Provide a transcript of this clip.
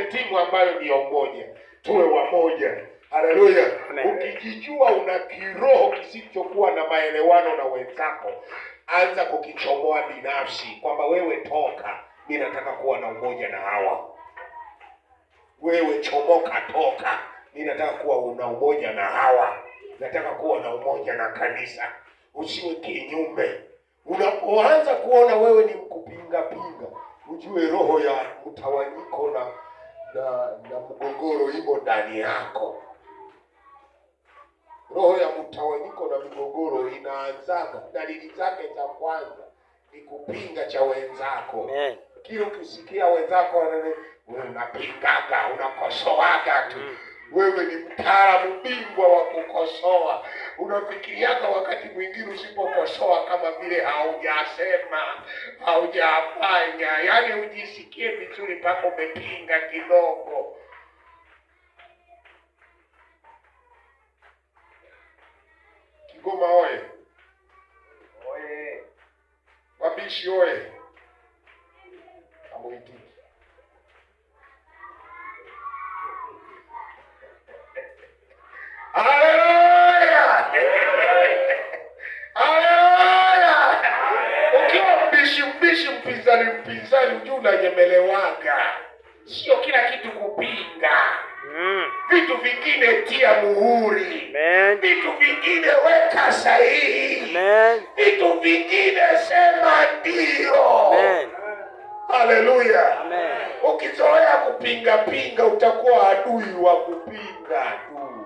tutengeneze timu ambayo ni ya umoja, tuwe wamoja. Haleluya! Ukijijua una kiroho kisichokuwa na maelewano na wenzako, anza kukichomoa binafsi, kwamba wewe toka, mi nataka kuwa na umoja na hawa. Wewe chomoka, toka, mi nataka kuwa na umoja na hawa, nataka kuwa na umoja na kanisa. Usiwe kinyume. Unapoanza kuona wewe ni mkupingapinga, ujue roho ya mtawanyiko na na na mgogoro imo ndani yako. Roho ya mtawanyiko na migogoro inaanzaga, dalili zake za kwanza ni kupinga cha wenzako. Kile ukisikia wenzako unapingaga, unakosoaga tu, mm. wewe ni mtaalamu bingwa wa unafikiriaka wakati mwingine usipokosoa kama vile haujasema haujafanya, yaani ujisikie vizuri mpaka umepinga kidogo. Kigoma oye! Oye! Wabishi oye! Haleluya! Majaliwa ni mpinzani, ujumbe Sio kila kitu kupinga mm. Vitu vingine tia muhuri Amen. Vitu vingine weka sahihi Amen. Vitu vingine sema ndio Haleluya. Ukizoea kupinga pinga utakuwa adui wa kupinga tu.